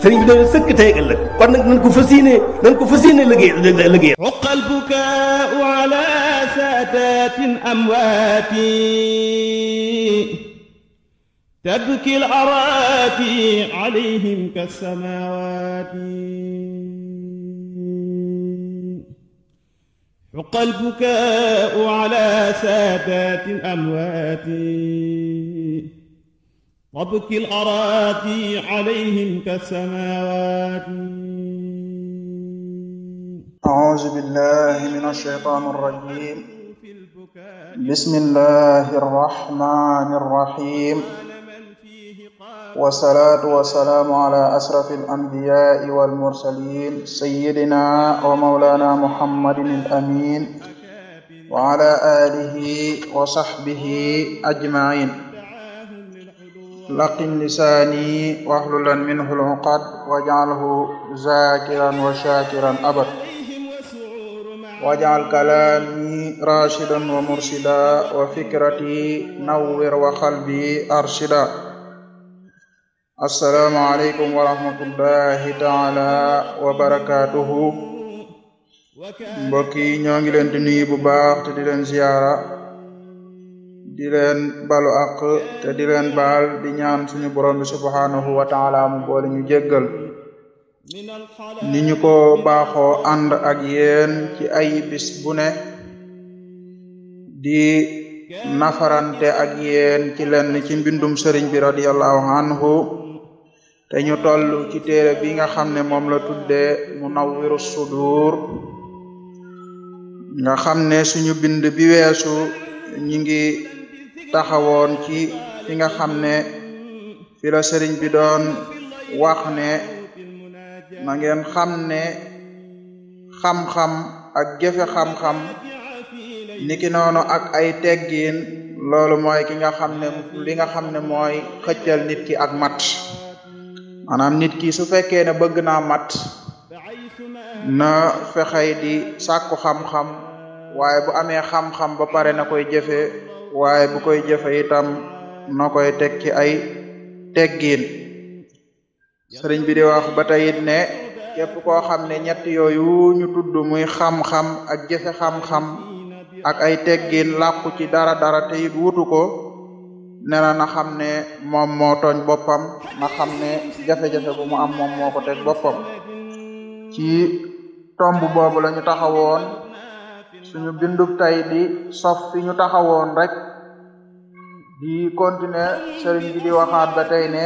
sëriñ bi dana sëkk tey ëllëg kon nag nañ ko fas yéene nañ ko fas yéene liggéey liggéey uqal bukaau ala saadatin amwaati tabki al araati alayhim kasamawaati حق البكاء على سادات أمواتي وابك الأراضي عليهم كالسماوات أعوذ بالله من الشيطان الرجيم بسم الله الرحمن الرحيم والصلاة والسلام على أشرف الأنبياء والمرسلين سيدنا ومولانا محمد الأمين وعلى آله وصحبه أجمعين laqim lisaani waxlulan minhu lxuqad wajaalhu zakiran wa shakiran abad wajaal kalaami rashidan wa mursida wa fikrati nawwir wa qalbi arshida assalaamu aleykum wa taala wa barakatuhu mbokk yi ñoo ngi leen bu baax te di di leen balu àq te di leen baal di ñaan suñu borom bi subhaanahu wa taala mu boole ñu jéggal ni ñu ko baaxoo ànd ak yéen ci ay bis bu ne di nafarante ak yeen ci lenn ci mbindum sëriñ bi radiyallahu anhu te ñu toll ci téere bi nga xam ne moom la tuddee Munawwiru Sudur nga xam ne suñu bind bi weesu ñi ngi taxawoon ci fi nga xam ne fi la sëriñ bi doon wax ne na ngeen xam ne xam-xam ak jëfe xam-xam niki noonu ak ay teggiin loolu mooy ki nga xam ne li nga xam ne mooy xëccal nit ki ak mat maanaam nit ki su fekkee ne bëgg naa mat na fexey di sàkku xam-xam waaye bu amee xam-xam ba pare na koy jëfe waaye bu koy jafe itam no koy teg ci ay teggiin sëriñ bi di wax ba tey it ne képp koo xam ne ñett yooyu ñu tudd muy xam-xam ak jafe xam-xam ak ay teggiin làqu ci dara dara te it wutu ko nee na na xam ne moom moo boppam na xam ne jafe-jafe bu mu am moom moo ko teg boppam ci tomb boobu la ñu taxawoon suñu bindub tey di sof fi ñu taxawoon rek di continuer sëriñ bi di waxaat ba tey ne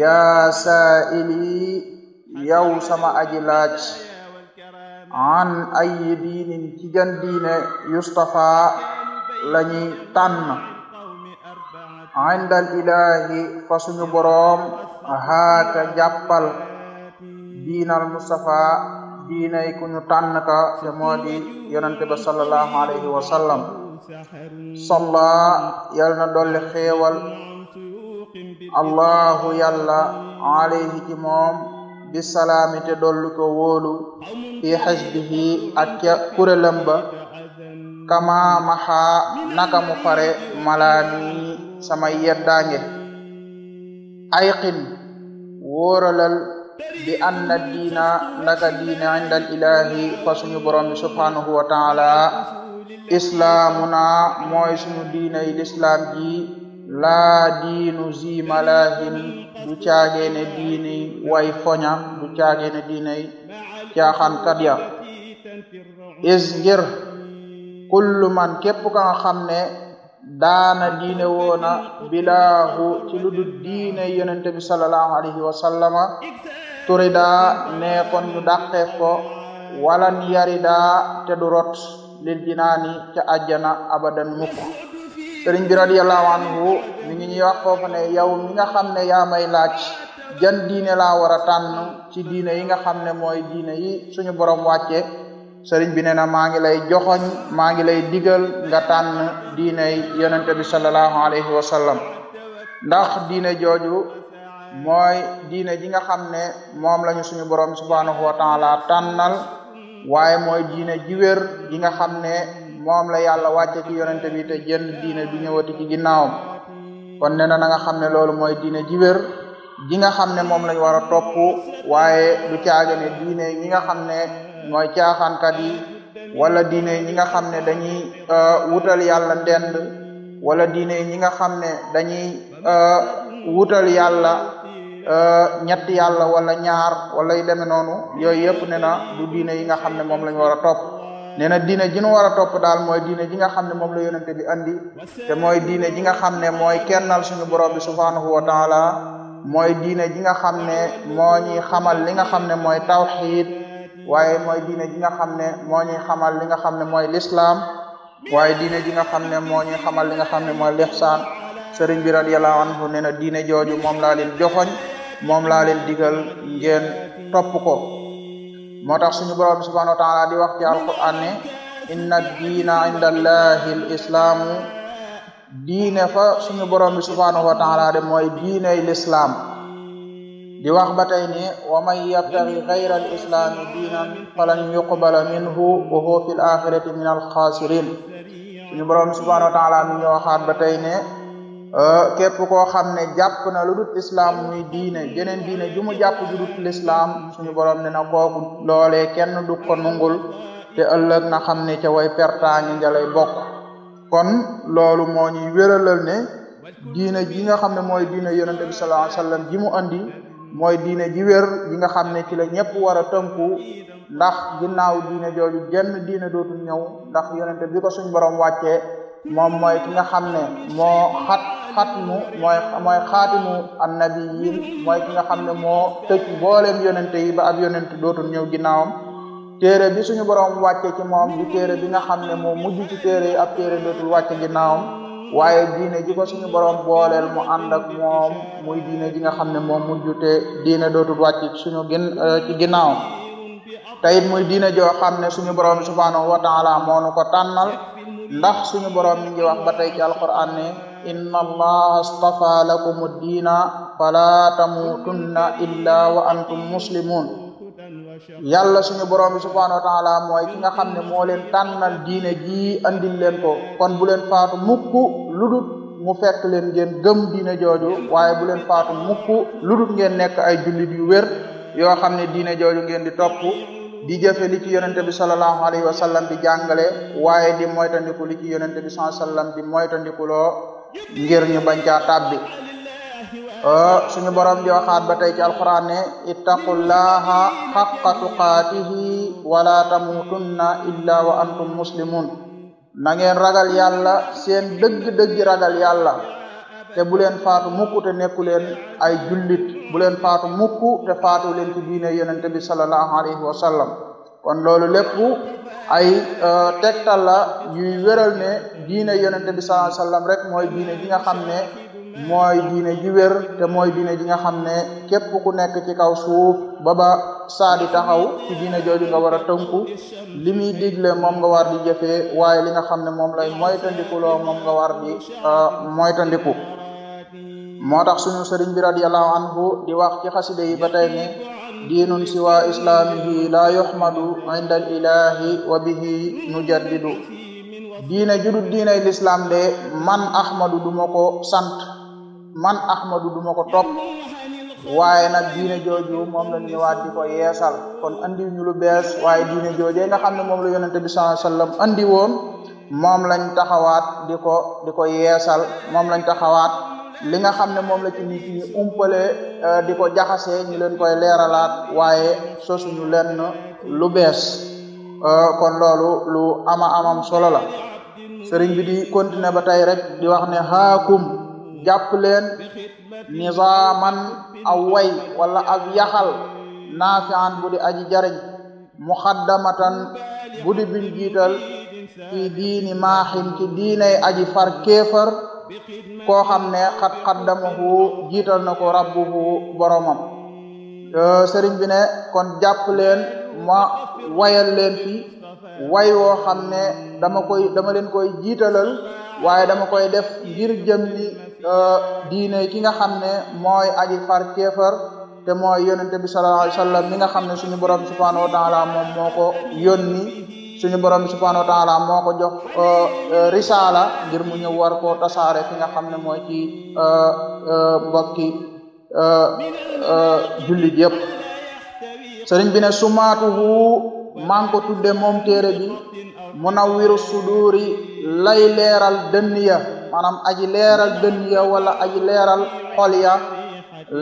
yaa saaili yow sama aji laaj an ayi diinin ci jan diine yustafa lañuy tànn indal ilahi fa suñu boroom haaka jàppal diinal mustafa diina yi ku ñu yonante ba sallallahu alayhi wa sallam salla yal na dolli allahu yàlla alayhi ci moom bi te dolli ko wóolu fi xasbihi ak ca kurélam ba kama maxa fare malaani sama yeddaange ayqin wóoralal bi anna diina ndaka diine inda al ilahi fa suñu borom bi wa taala islaamuna mooy suñu diinay lislaam ji laa diinu zi malahin du caageene diini way foña du caageene diinay caaxaankat ya is ngir kullu man képp ka xam ne daana diine woona bilaahu ci lu du diine yonente alayhi wa sallama turida nee kon ñu dàqeef ko walan yarida te du rot lil jinaani ca àjjana abadan mukk sëriñ bi radiyallahu anhu mi ñuy wax foofu ne yow nga xam ne yaa may laaj jan diine laa war a tànn ci diine yi nga xam ne mooy diine yi suñu borom wàcce sëriñ bi nee na maa ngi lay joxoñ maa ngi lay digal nga tànn diine yonente bi sallallahu alayhi wa ndax diine jooju mooy diine ji nga xam ne moom lañu suñu borom subhanahu wa taala tànnal waaye mooy diine jiwér wér nga xam ne moom la yàlla wàcce ci yonente bi bi ñëwati ci ginnaawam kon nee na na nga xam ne loolu mooy diine ji ji nga xam ne moom lañ war a topp waaye du caage ne diine ñi nga xam ne mooy caaxaankat yi wala diine ñi nga xam ne dañuy euh, wutal yàlla ndend wala diine ñi nga xam ne dañuy euh, wutal yàlla Euh, ñetti yàlla wala ñaar wala yu demee noonu yooyu yëpp ne na du diine yi nga xam ne moom la ñu war a topp nee na diine ji nu war a topp daal mooy diine ji nga xam ne moom la yonente bi andi te mooy diine ji nga xam ne mooy kennal suñu borom bi subhanahu wa taala mooy diine ji nga xam ne moo ñuy xamal li nga xam ne mooy tawxid waaye mooy diine ji nga xam ne moo ñuy xamal li nga xam ne mooy lislaam waaye diine ji nga xam ne moo ñuy xamal li nga xam ne mooy lixsaan sëriñ bi radiyallahu anhu nee na diine jooju moom laa joxoñ moom laa leen digal ngeen topp ko moo tax suñu borom bi subhanahu wa taala di wax ci alquran ne inna diina inda allahi diine fa suñu borom bi wa taala de mooy diiney lislaam di wax ba tey ni wa man yabtaghi ghayra al islaami diinan falan yuqbala minhu wa huwa min al xaasirin suñu borom wa taala mi ñu waxaat ne Euh, képp koo xam ne jàpp na lu dut islaam muy diine jeneen diine ju mu jàpp ju dut lislaam suñu borom ne na kooku loolee kenn du ko nungul te ëllëg na xam ne ca way pertaange njalay bokk kon loolu moo ñuy wéralal ne diine ji nga xam ne mooy diine yonente bi sallallahu alayhi wasallam ji mu andi mooy diine ji wér ji nga xam ne ci la ñëpp war a tënku ndax ginnaaw diine jooju genn diine dootul ñëw ndax yonente bi ko suñ borom wàccee moom mooy ki nga xam ne moo xat xatmu mooy mooy xaatimu annabiyin mooy ki nga xam ne moo tëj mbooleem yonente yi ba ab yonente dootul ñëw ginnaawam téere bi suñu borom wàcce ci moom di téere bi nga xam ne moo mujj ci téere yi ab téere dootul wàcce ginnaawam waaye diine ji ko suñu borom booleel mu ànd ak moom muy diine ji nga xam ne moom mujj te diine dootul wàcc suñu gin euh, ci ginnaawam tayit muy diine joo xam ne suñu borom subaano wa taala moo nu ko tànnal ndax suñu borom mi ngi wax ba tey ci alquran ne inna allaha astafa lakum ad-diina fala tamuutunna illaa wa antum muslimun yàlla suñu borom bi mooy ki nga xam ne moo leen tànnal diine jii andil leen ko kon bu leen faatu mukk lu dul mu fekk leen ngeen gëm diine jooju waaye bu leen faatu mukk lu dul ngeen nekk ay jullit yu wér yoo xam ne diine jooju ngeen di topp di jëfe li ci yonente bi sallallahu alayhi wa sallam di jàngale waaye di moytandiku li ci yonente bi sallallahu alayhi wa sallam ngir ñu bañ caa tàbbi oh, suñu borom di ba tey ci alquran ne ittaqullaha xaqa tuqaatihi wala tamutunna illa wa antum muslimun na ngeen ragal yàlla seen dëgg-dëgg ragal yàlla te bu leen faatu mukk te nekku leen ay jullit bu leen faatu mukk te faatu leen ci diine yonente bi sallallahu alayhi wa kon loolu lépp ay euh, tegtal la yuy wéral ne diine yonente bi sallallahu alayhi rek mooy diine ji nga xam ne mooy diine ji wér te mooy diine ji nga xam ne képp ku nekk ci kaw suuf baba ba saa taxaw ci diine jooju nga war a tënku li muy digle moom nga war di jëfee waaye li nga xam ne moom lay moytandiku loo moom nga war di euh, moytandiku moo tax suñu sëriñ bi radiyallahu anhu di wax ci xaside yi ba tey ni diinun siwa islaamihi laa yuhmadu inda al ilahi wa bihi nujaddidu diine judul diinay lislaam de man ahmadu duma ko sant man ahmadu duma ko topp waaye nag diine jooju moom la ñu ñëwaat yeesal kon andi ñu lu bees waaye diine joojee nga xam ne moom la yonente bi sallallahu alayhi wasallam andi woon moom lañ taxawaat di ko di ko yeesal moom lañ taxawaat li nga xam ne moom la ci nit umpale euh, di ko jaxase ñu leen koy leeralaat waaye sosuñu lenn lu bees euh, kon loolu lu ama amam solo la sëriñ bi di continuer ba tey rek di wax ne haakum jàpp leen nizaaman aw way wala ab yaxal naafian bu di aji jariñ muxaddamatan bu di biñ jiital ci diini maaxin ci diinay aji far koo xam ne xat xaddamahu jiital na ko rabbuhu boromam sëriñ bi ne kon jàpp leen ma wayal leen fi way woo xam ne dama koy dama leen koy jiitalal waaye dama koy def ngir jëm li e, diine ki nga xam ne mooy aji far kéefar te mooy yonente bi sallallahu alayhi wa sallam mi nga xam ne suñu borom subhanahu wa taala moom moo ko yónni suñu borom bi subhanahu wa moo ko jox euh, euh, risaala ngir mu ñëw war koo tasaare fi nga xam ne mooy ci mbokki euh, jullit yëpp sëriñ bi ne sumaatuhu maa ngi ko tudde moom téere bi munawwiru suduuri lay leeral dënn ya maanaam aji leeral dënn ya wala aji leeral xol ya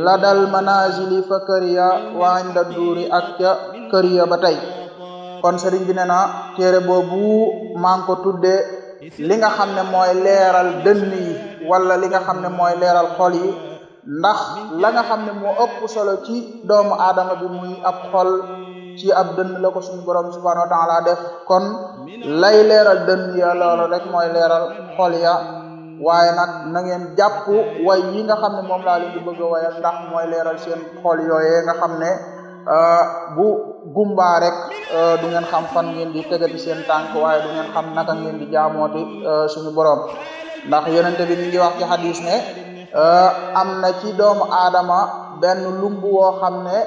la dal manazili fa kër ya waa inda duuri ak ca kër ya ba tey kon sëriñ bi ne na téere boobu maa ngi ko tudde li nga xam ne mooy leeral dënn yi wala li nga xam ne mooy leeral xol yi ndax la nga xam ne moo ëpp solo ci doomu aadama bi muy ab xol ci ab dënn la ko suñu borom subhanahu wa taala def kon lay leeral dënn ya loolu rek mooy leeral xol ya waaye nag na ngeen jàpp way yi nga xam ne moom laa leen bëgg a wayal ndax mooy leeral seen xol yooyee nga xam ne Euh, bu gumbaa rek euh, du ngeen xam fan ngeen di tegati seen tànk waaye du ngeen xam naka ngeen di jaamooti euh, suñu borom ndax yonente bi mi ngi wax ci hadis ne am na ci doomu aadama benn lumb woo xam ne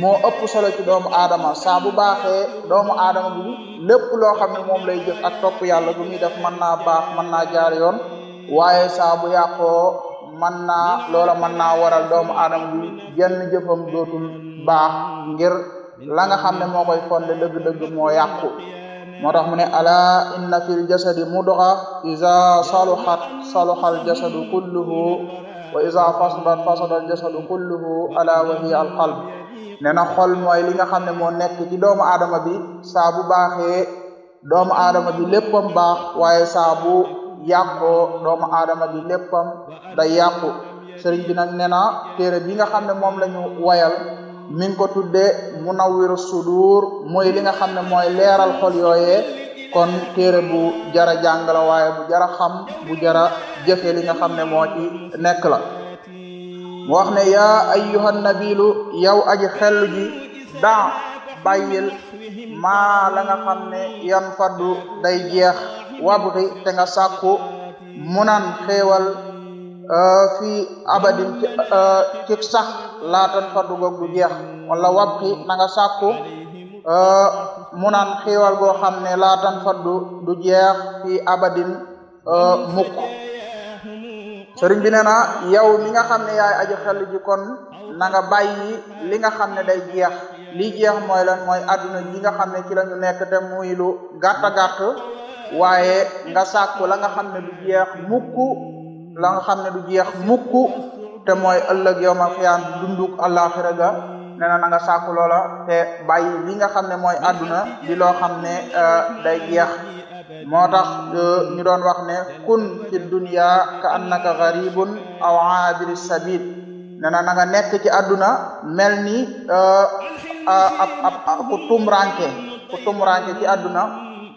moo ëpp solo ci doomu aadama saa bu baaxee doomu aadama bi lépp loo xam moom lay jëf ak topp yàlla bu muy def mën naa baax mën naa jaar yoon waaye saa bu man naa loola mën naa waral doomu aadama bi jenn jëfam dootul baax ngir la nga xam ne moo koy fonde dëgg-dëgg moo yàqu moo tax mu ne ala inna fil jasadi mudga iza saluhat saluhal jasadu kulluhu wa iza fasadat fasadal jasadu kulluhu ala wa hiya al qalb nee na xol mooy li nga xam ne moo nekk ci doomu aadama bi saa bu baaxee doomu aadama bi léppam baax waaye saabu yàqoo doomu aadama bi léppam day yàqu sëriñ bi nag nee na téere bi nga xam ne moom la ñu wayal mi ngi ko tuddee sudur mooy li nga xam ne mooy leeral xol yooyee kon téere bu jara jàng la waaye bu jara xam bu jara jëfe li nga xam ne moo ci nekk la mu wax ne yaa ayyuhan nabilu yow aji xellu ji daa maa la nga xam ne yan faddu day jeex wabri te nga sàkku munan xéewal euh, fii abadin ci euh, sax laatan fa dugag du jeex wala wabki na nga sàkku euh, munan xéewal goo xam ne laatan fa du du jeex fii abadin mukk sëriñ bi nee na yow mi nga xam ne yaay aji xel ji kon na nga li nga xam ne day jeex li jeex mooy lan mooy àdduna ji nga xam ne ci la ñu nekk muy lu gàtt gàtt waaye nga sàkku la nga xam ne du jeex mukk la nga xam ne du jeex mukk te mooy ëllëg yow ma ga nee na na nga sàkku loola te bàyyi li nga xam ne mooy àdduna di loo xam ne day jeex moo tax ñu doon wax ne kun fi dunya ka annaka garibun aw aabiri sabil nee na na nga nekk ci àdduna mel ni ab ab ku tumranke ku tumranke ci àdduna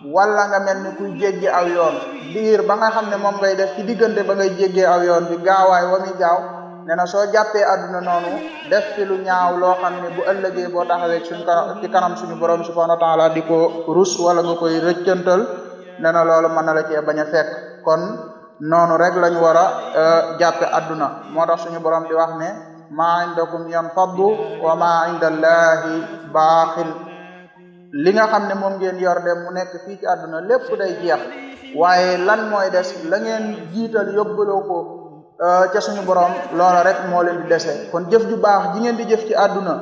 wala nga mel ni kuy jéggi aw yoon diir ba nga xam ne moom ngay def ci diggante ba ngay jéggee aw yoon bi gaawaay wa muy gaaw ne na soo jàppee àdduna noonu def fi lu ñaaw loo xam ne bu ëllëgee boo taxawee suñ ci kanam suñu borom subhanahu wa taala di ko rus wala nga koy rëccantal ne na loolu mën na la cee bañ a fekk kon noonu rek lañu war a e, jàppe àdduna moo tax suñu borom di wax ne maa indakum yanfaddu wa maa inda allahi baaxin li nga xam ne moom ngeen yor de mu nekk fii ci àdduna lépp day jeex waaye lan mooy des la ngeen jiital yóbbaloo ko euh, ca suñu borom loolu rek moo leen di dese kon jëf ju baax ji ngeen di jëf ci àdduna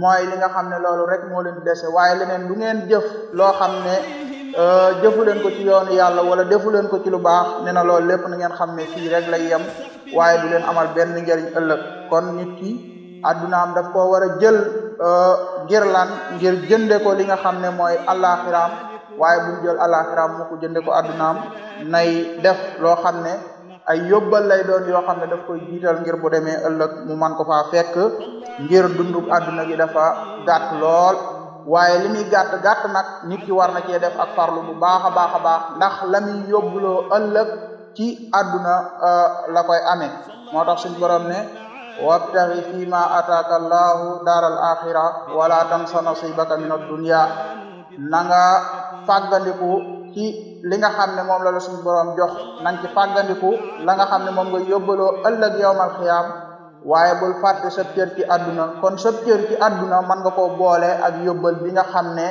mooy li nga xam ne loolu rek moo leen di dese waaye leneen lu ngeen jëf loo xam ne euh, jëfu leen ko ci yoonu yàlla wala defu leen ko ci lu baax nee na loolu lépp na ngeen xam ne fii rek lay yem waaye du leen amal benn njariñ ëllëg kon nit ki àddunaam daf koo war a jël Euh, ngir lan ngir jënde ko li nga xam ne mooy alaxiraam waaye bu mu jël alaxiraam mu ko jënde ko addunaam nay def loo xam ne ay yóbbal lay doon yoo xam ne daf koy jiital ngir bu demee ëllëg mu man ko faa fekk ngir dundub adduna gi fa gàtt lool waaye li muy gàtt gàtt nag nit ki war na cee def ak farlu bu baax a baax a baax ndax la muy yóbbuloo ëllëg ci adduna euh, la koy amee moo tax suñu borom wabtaxi fima ataaka allahu daaral axira wala tansa nasibaka min addunia na nga fàggandiku ci li nga xam ne moom la la suñu borom jox na nga ci fàggandiku la nga xam ne moom nga yóbbaloo ëllëg yowmal xiyaam waaye bul fàtte sab cër ci àdduna kon sab cër ci àdduna mën nga koo boole ak yóbbal bi nga xam ne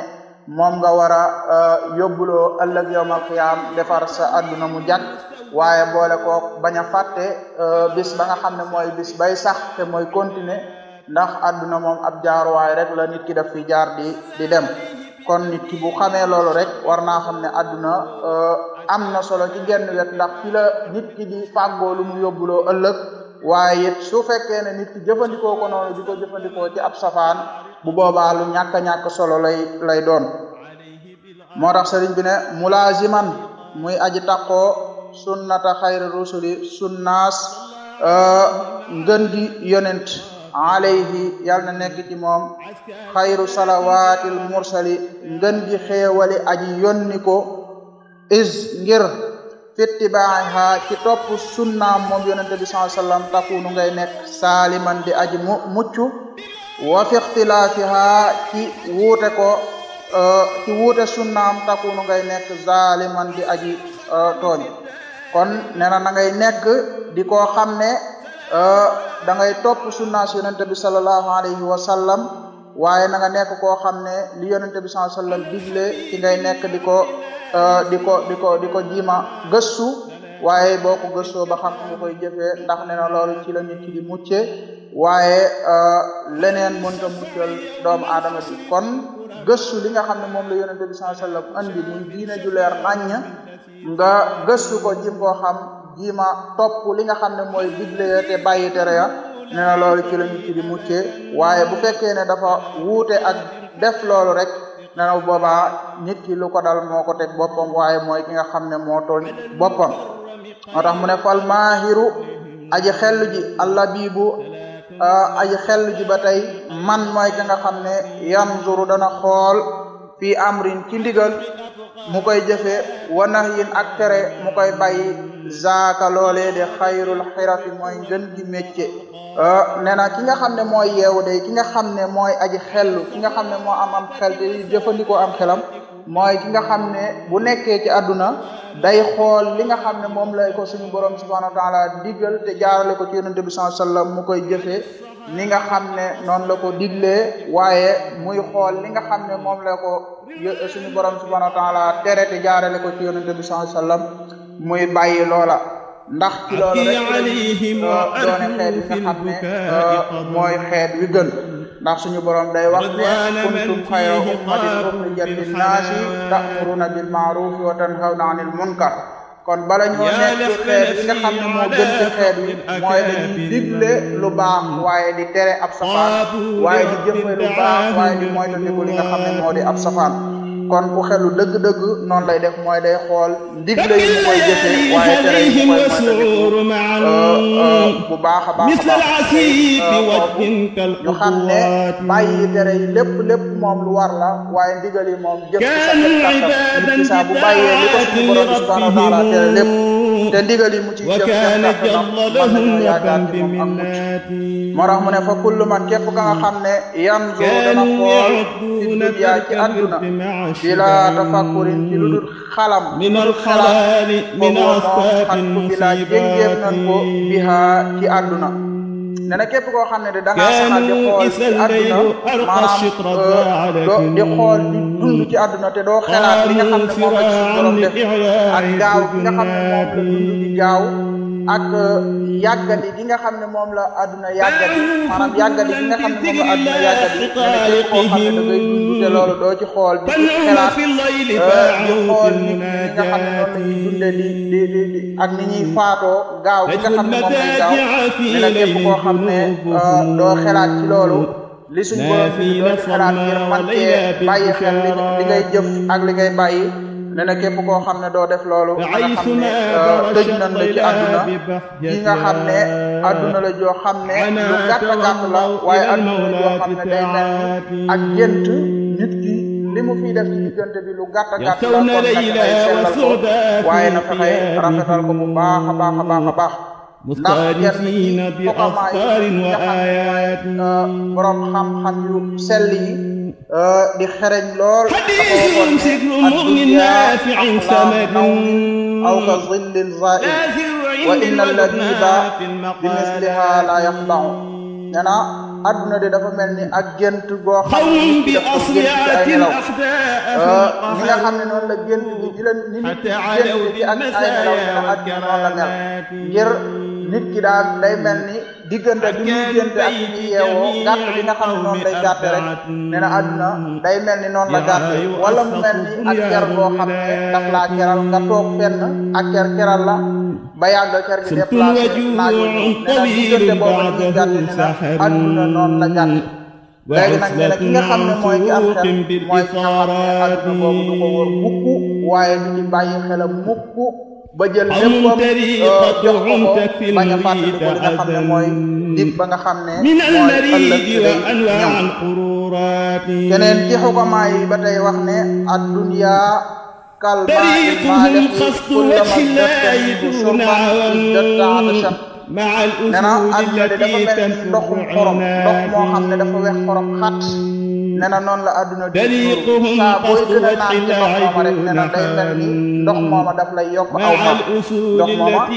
moom nga war a euh, yóbbuloo ëllëg yowmal xiyaam defar sa àdduna mu jàkk waaye boole koo bañ a fàtte euh, bis ba nga xam ne mooy bis bay sax te mooy continuer ndax àdduna moom ab jaaruwaay rek la nit ki daf fi jaar di di dem kon nit ki bu xamee loolu rek war naa xam ne àdduna euh, am na solo ci genn wet ndax fi la nit ki di fàggoo lu mu yóbbuloo ëllëg waaye it su fekkee ne nit jëfandikoo ko noonu di jëfandikoo ci ab safaan bu boobaa lu ñàkk ñàkk solo lay lay doon moo tax sëriñ bi ne mulaaziman muy aji taqoo sunnata xayra rusuli sunnaas euh, ngën di yonent alayhi yal na nekk ci moom xayru salawaatil mursali ngën di xeewali aji yonni ko is ngir fittibaaha ci topp sunnaam moom yonente bi sallallahu takunu ngay nekk saaliman di aji mu mucc wa fi ci wuute ko euh, ci wuute sunnaam takunu ngay nekk zaaliman di aji Euh, tooñ kon nee na ngay nekk di koo xam ne euh, da ngay topp sunnaas yonente bi sallallahu alayhi wa sallam waaye na nga nekk koo xam ne li yonente bi sallallahu alayhi wa ci ngay nekk di ko euh, di ko di ko di ko jiima gëstu waaye boo ko gëstoo ba xam nga koy jëfee ndax nee loolu ci la nit ki di mucce waaye leneen mënta muccal doomu aadama bi kon gëstu li nga xam ne moom la yonente bi sallallahu alayhi wa sallam andi muy diine ju leer nga gëstu ko jim koo xam jiima topp li nga xam ne mooy digle ya te bàyyi tere ya nee loolu ci lañu ci di muccee waaye bu fekkee ne dafa wuute ak def loolu rek nee na boobaa nit ki ko dal moo ko teg boppam waaye mooy ki nga xam ne moo tooñ boppam moo tax mu ne fal maahiru aji xellu ji allabibu aji xellu ji ba tey man mooy ki nga xam ne yanzuru dana xool fii amrin ci ndigal mu koy jëfe wa nahyin ak tere mu koy bàyyi zaaka loolee de xayrul xirafi mooy ngën gi mécce euh, nee na ki nga xam ne mooy yeewu day ki nga xam ne mooy aji xellu ki nga xam ne moo am am xel te jëfandikoo am xelam mooy ki nga xam ne bu nekkee ci àdduna day xool li nga xam ne moom lay ko suñu borom subhanahu wa taala diggal te jaarale ko ci yonente bi sallallahu alayhi mu koy jëfee ni nga xam ne noonu la ko diglee waaye muy xool li nga xam ne moom la ko suñu borom subhanahu wa taala tere te jaarale ko ci yonente bi sallallahu alayhi wasallam muy bàyyi loola ndax ci euh, doone xeet yi nga xam euh, wi gën ndax suñu borom day wax ne kuntum xayra ummatin uxrijat linnaasi ta'muruna bil ma'rufi wa tanhawna anil munkar kon bala ñoo nekk xeet yi nga xam ne moo gën ci xeet wi mooy dañuy digle lu baax waaye di tere ab safaan waaye di jëfe lu baax waaye di moytandiku li nga xam ne moo di ab safaan kon ku xelu dëgg-dëgg noonu lay def mooy day xool ndigle yi mu waaye tere yi mu koy moytandiku uh, uh, bu baax a baax a baax uh, tere yi lépp lépp moom lu war la waaye ndigal yi moom jëf ci sa bu bàyyee li ko suñu borom subhanahu wa taala tere lépp te ndigal mu ci jëf moo tax mu ne fa kullu man képp ka nga xam ne yan zoo dana xool ci dunya ci àdduna bila tafakkurin ci lu dul xalam minal xalaami minal xat ku bila jéngeem nan ko biha ci àdduna ne na xam ne de da ngaa saxal di xool ci àdduna maanaam euh, do di xool di dund ci àdduna te doo xelaat li ne xam ne moom la dund di gaaw ak euh, yàggadi gi nga xam ne moom la àdduna yàggadi maanaam yàggadi gi nga xam ne moom la àdduna yàggadi dana koo ci xool di ci euh, xool ni nga xam ne noonu la ñuy dunde li ak ni ñuy faatoo gaaw gi nga xam ne moom la képp koo euh, loolu li suñ borom fii doo xelaat ngir man cee bàyyi xel li ngay jëf ak li ngay bàyyi ne na képp koo xam ne doo def loolu nga xam ne euh, tëj nan la ci àdduna yi nga xam ne àdduna la joo xam ne lu gàtta gàtt la waaye àdduna la joo xam ne day mel ni ak gént nit ki li mu fii def ci diggante bi lu gàtta gàtt la kon nag ay sellal ko waaye na fexey rafetal ko bu baax a baax a baax a baax mustarifiina bi afkarin wa ayatin euh, borom xam-xam yu sell yi Euh, di xereñ lool aw ka zillin zaa'il wa inna labiba bi misliha la yaxdau nee na adduna de dafa mel ni ak gént goo xam ne bi daf ko gént ci ay nelaw euh, ñi nga xam ne noonu la gént bi di leen ni nit gént bi ak ay nelaw ne adduna noonu la mel ngir nit ki daal day mel ni diggante bi muy génte ak bi muy yeewoo gàtt bi nga xam ne noonu lay gàtt rek nee na àdduna day mel ni noonu la gàtt wala mu mel ni ak ker boo xam ne daf laa keral nga toog fenn ak ker keral la ba yàgg ker gi déplacé laaj nee na diggante boobu ni muy gàtt nee na àdduna noonu la gàtt léegi nag nee na ki nga xam ne mooy ki am xel mooy ki nga xam ne àdduna boobu du ko wër mukk waaye du ci bàyyi xelam mukk ba jël léppam euh, jox ko ko bañ a ko li xam ne mooy dib ba nga xam ne mooy ëllëg ñëw keneen ci xukamaa yi ba tey wax ne addunya kalmaa'il maahdi kullamaa yastahibu shurban izdadaa shahban nee na àdduna de dafa mel ndoxum xorom ndox moo xam ne dafa weex xorom xat nee na noonu la àdduna di saa booy gën a naan ci ndox mooma rek nee day mel ndox mooma daf lay yokk aw maam ndox mooma daf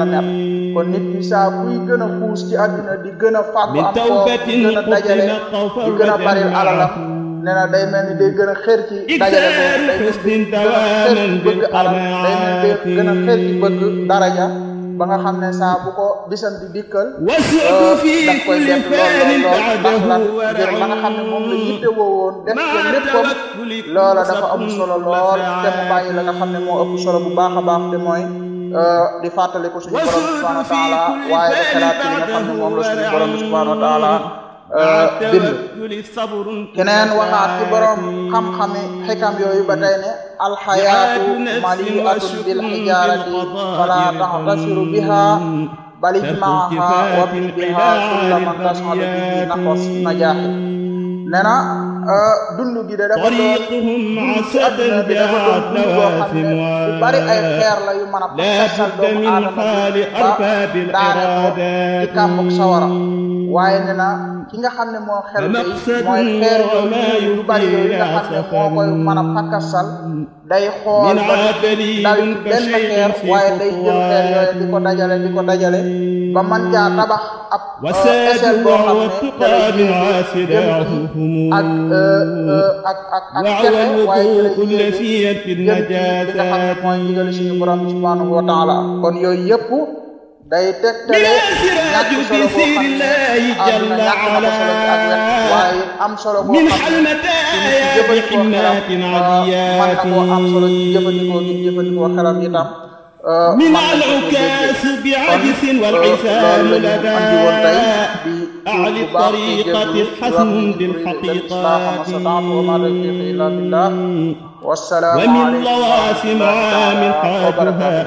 la mel kon nit ki saa buy gën a xuus ci àdduna di gën a fàggu am ko di gën a dajale di gën a baril alalam nee na day mel ni gën a xër ci dajale boobu day gën a xër ci bëgg alal day mel ni gën a xër ci bëgg daraja ba nga xam ne saa bu ko bisam di dikkal euh, daf koy def lool lool xam ne moom la yitte woowoon def ko léppam loola dafa am solo te mu la nga xam ne moo ëpp solo bu baax a baax te mooy euh, di fàttali ko suñu borom subhanahu wa taala waaye di ci li nga xam ne la suñu borom subhanahu wa taala euh, bind keneen waxaat ci xam-xami xikam yooyu ba tey alxayaatu maliatun bilxijaarati falaa taxtasiru biha bal ijmaaha wa fi biha kulla man tasxalu bihi naqas najaaxi nee na dund gi de dafa doon dund ci àdduna bi dafa doon dund boo xam ne bu bari ay xeer la yu mën a fasal doomu aadama bi ba daanee ko ci kàmbug sawara waaye nee na ki nga xam ne moo xel day mooy xeer yooyu yu bari yooyu nga xam ne moo koy mën a fakkasal day xool ba daal benn xeer waaye day jël xeer yooyu di ko dajale di ko dajale ba man caa tabax ab euh, échelle boo xam ne euh, euh, ak ak ak ak cefe waaye jëlee jëm li nga xam ne mooy ndigal suñu borom subhanahu wa taala kon yooyu yëpp day tegtale ñàkk solo boo xam ne àdduna ñàkk na ko solo ci ak wet waaye am solo boo xam ne suñu ci jëfandikoo xelam mën na koo am solo ci jëfandikoo ci jëfandikoo xelam itam mën na ko déggee kon loolu la ñu andi woon tey di tuur bu baax di déglu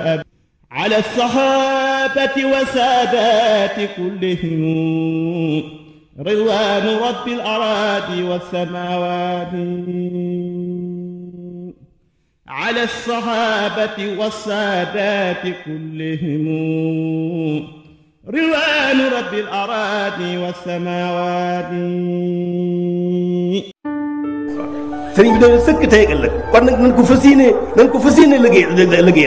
wax dëgg yàlla di wax الصحابة وسادات كلهم رضوان رب الأراضي والسماوات على الصحابة والسادات كلهم رضوان رب الأراضي والسماوات sëriñ bi de sëkk tey ëllëg kon nag nañ ko fas yéene nañ ko fas yéene liggéey liggéey